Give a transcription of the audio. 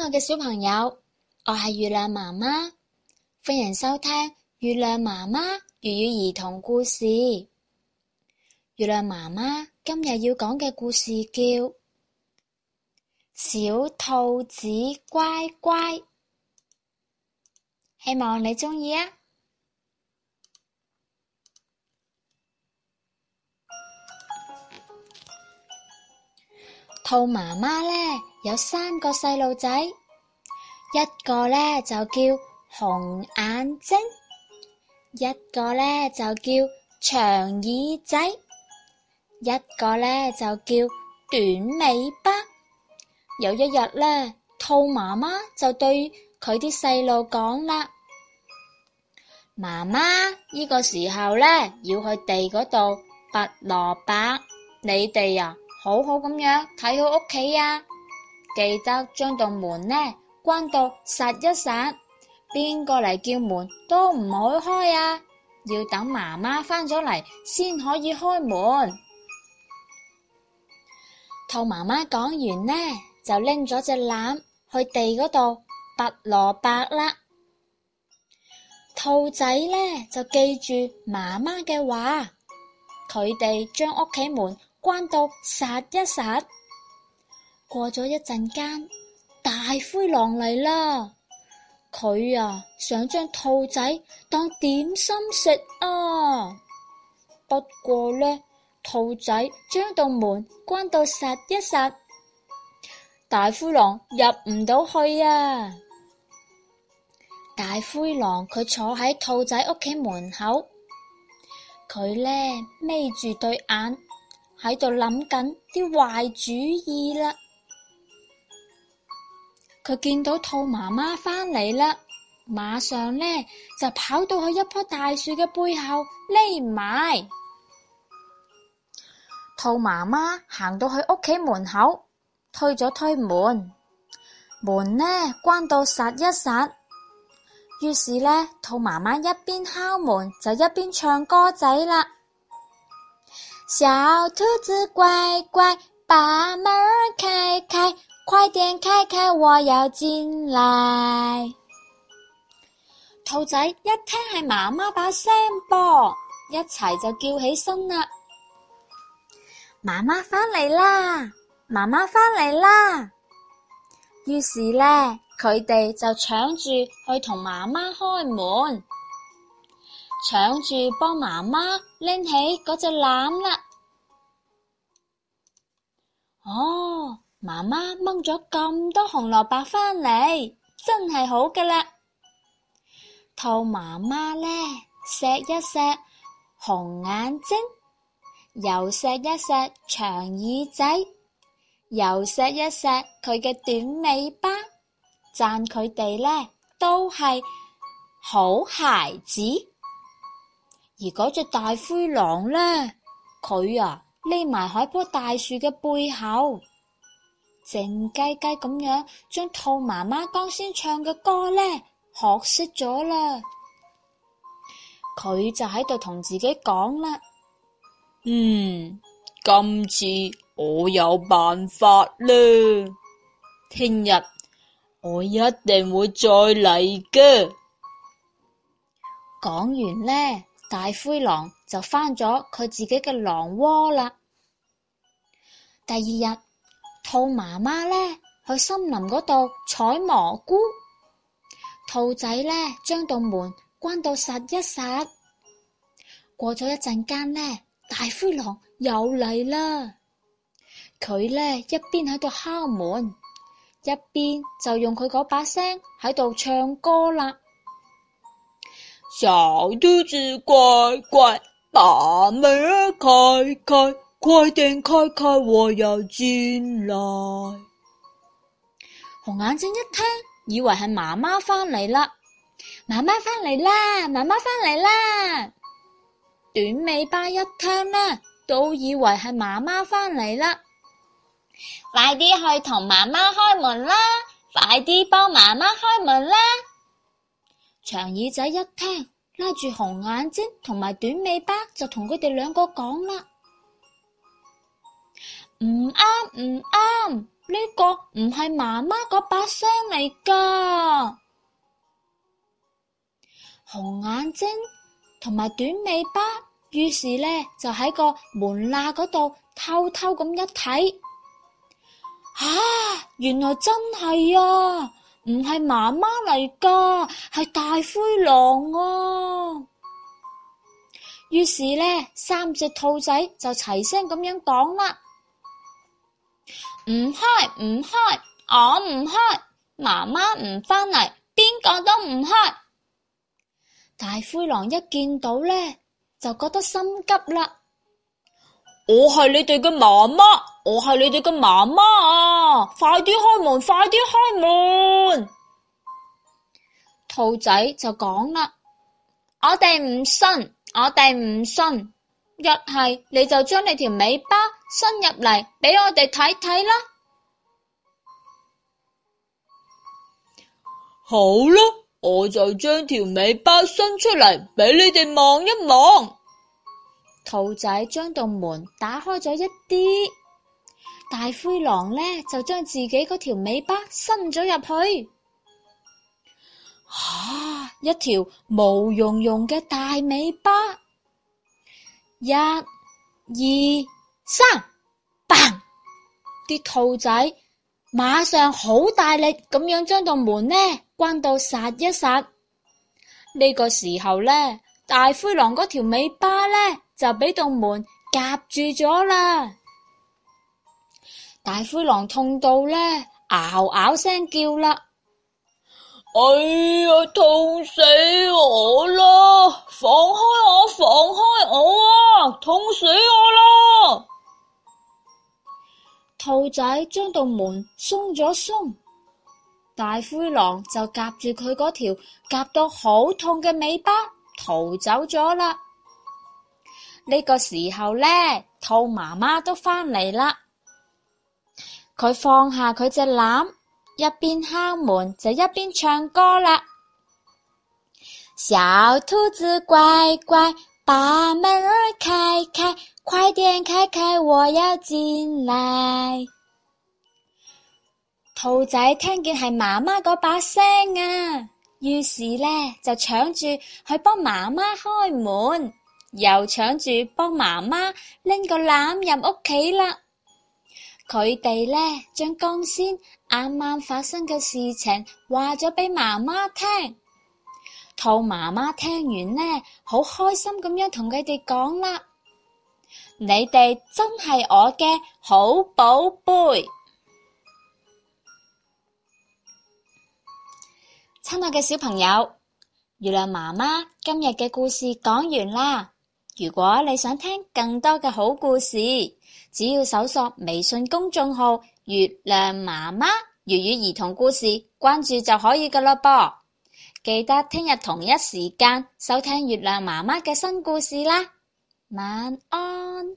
親愛嘅小朋友，我係月亮媽媽，歡迎收聽月亮媽媽粵語兒童故事。月亮媽媽今日要講嘅故事叫《小兔子乖乖》，希望你鍾意啊！兔媽媽呢，有三個細路仔。一個呢就叫紅眼睛，一個呢就叫長耳仔，一個呢就叫短尾巴。有一日呢，兔媽媽就對佢啲細路講啦：，媽媽呢、呢個時候呢，要去地嗰度拔蘿蔔，你哋啊好好咁樣睇好屋企啊，記得將棟門呢。關到實一實，邊個嚟叫門都唔好開啊！要等媽媽返咗嚟先可以開門。兔媽媽講完呢，就拎咗隻籃去地嗰度拔蘿蔔啦。兔仔呢就記住媽媽嘅話，佢哋將屋企門關到實一實。過咗一陣間。大灰狼嚟啦！佢啊想將兔仔當點心食啊！不過呢，兔仔將道門關到實一實，大灰狼入唔到去啊！大灰狼佢坐喺兔仔屋企門口，佢呢，眯住對眼喺度諗緊啲壞主意啦。佢見到兔媽媽返嚟啦，馬上呢，就跑到去一棵大樹嘅背後匿埋。兔媽媽行到去屋企門口，推咗推門，門呢關到實一實。於是呢，兔媽媽一邊敲門就一邊唱歌仔啦：小兔子乖乖，把門開開。快點開開，我要進來。兔仔一聽係媽媽把聲噃，一齊就叫起身啦。媽媽返嚟啦，媽媽返嚟啦。於是呢，佢哋就搶住去同媽媽開門，搶住幫媽媽拎起嗰隻籃啦。哦。媽媽掹咗咁多紅蘿蔔返嚟，真係好噶啦！兔媽媽呢，錫一錫紅眼睛，又錫一錫長耳仔，又錫一錫佢嘅短尾巴，讚佢哋呢，都係好孩子。而嗰隻大灰狼呢，佢啊匿埋喺棵大樹嘅背後。靜雞雞咁樣將兔媽媽剛先唱嘅歌呢，學識咗啦，佢就喺度同自己講啦：嗯，今次我有辦法啦，聽日我一定會再嚟嘅。講完呢，大灰狼就返咗佢自己嘅狼窩啦。第二日。兔媽媽呢，去森林嗰度採蘑菇，兔仔呢，將道門關到實一實。過咗一陣間呢，大灰狼又嚟啦。佢呢，一邊喺度敲門，一邊就用佢嗰把聲喺度唱歌啦。小兔子乖乖，把門開開。快點開開，我又進來。紅眼睛一聽，以為係媽媽返嚟啦。媽媽返嚟啦，媽媽返嚟啦。短尾巴一聽呢，都以為係媽媽返嚟啦。快啲去同媽媽開門啦！快啲幫媽媽開門啦！長耳仔一聽，拉住紅眼睛同埋短尾巴，就同佢哋兩個講啦。唔啱唔啱，呢、這個唔係媽媽嗰把聲嚟噶，紅眼睛同埋短尾巴。於是呢就喺個門罅嗰度偷偷咁一睇，啊，原來真係啊，唔係媽媽嚟噶，係大灰狼啊！於是呢，三隻兔仔就齊聲咁樣講啦。唔開唔開，我唔開。媽媽唔返嚟，邊個都唔開。大灰狼一見到呢，就覺得心急啦。我係你哋嘅媽媽，我係你哋嘅媽媽啊！快啲開門，快啲開門。兔仔就講啦：我哋唔信，我哋唔信。一係你就將你條尾巴。伸入嚟，俾我哋睇睇啦。好咯，我就將條尾巴伸出嚟，俾你哋望一望。兔仔將道門打開咗一啲，大灰狼呢就將自己嗰條尾巴伸咗入去，啊，一條毛茸茸嘅大尾巴，一、二。三，嘭！啲兔仔馬上好大力咁樣將道門呢關到實一實。呢個時候呢，大灰狼嗰條尾巴呢就俾道門夾住咗啦。大灰狼痛到呢，嗷嗷聲叫啦：哎呀，痛死我啦！放開我，放開我啊！痛死我啦！兔仔將道門鬆咗鬆，大灰狼就夾住佢嗰條夾到好痛嘅尾巴逃走咗啦。呢個時候呢，兔媽媽都返嚟啦，佢放下佢隻籃，一邊敲門就一邊唱歌啦。小兔子乖乖，把門兒開開。快點開開，我要進來。兔仔聽見係媽媽嗰把聲啊，於是呢，就搶住去幫媽媽開門，又搶住幫媽媽拎個籃入屋企啦。佢哋呢，將剛先啱啱發生嘅事情話咗俾媽媽聽。兔媽媽聽完呢，好開心咁樣同佢哋講啦。你哋真係我嘅好寶貝，親愛嘅小朋友，月亮媽媽今日嘅故事講完啦。如果你想聽更多嘅好故事，只要搜索微信公眾號“月亮媽媽粵語兒童故事”，關注就可以噶啦啵。記得聽日同一時間收聽月亮媽媽嘅新故事啦。晚安。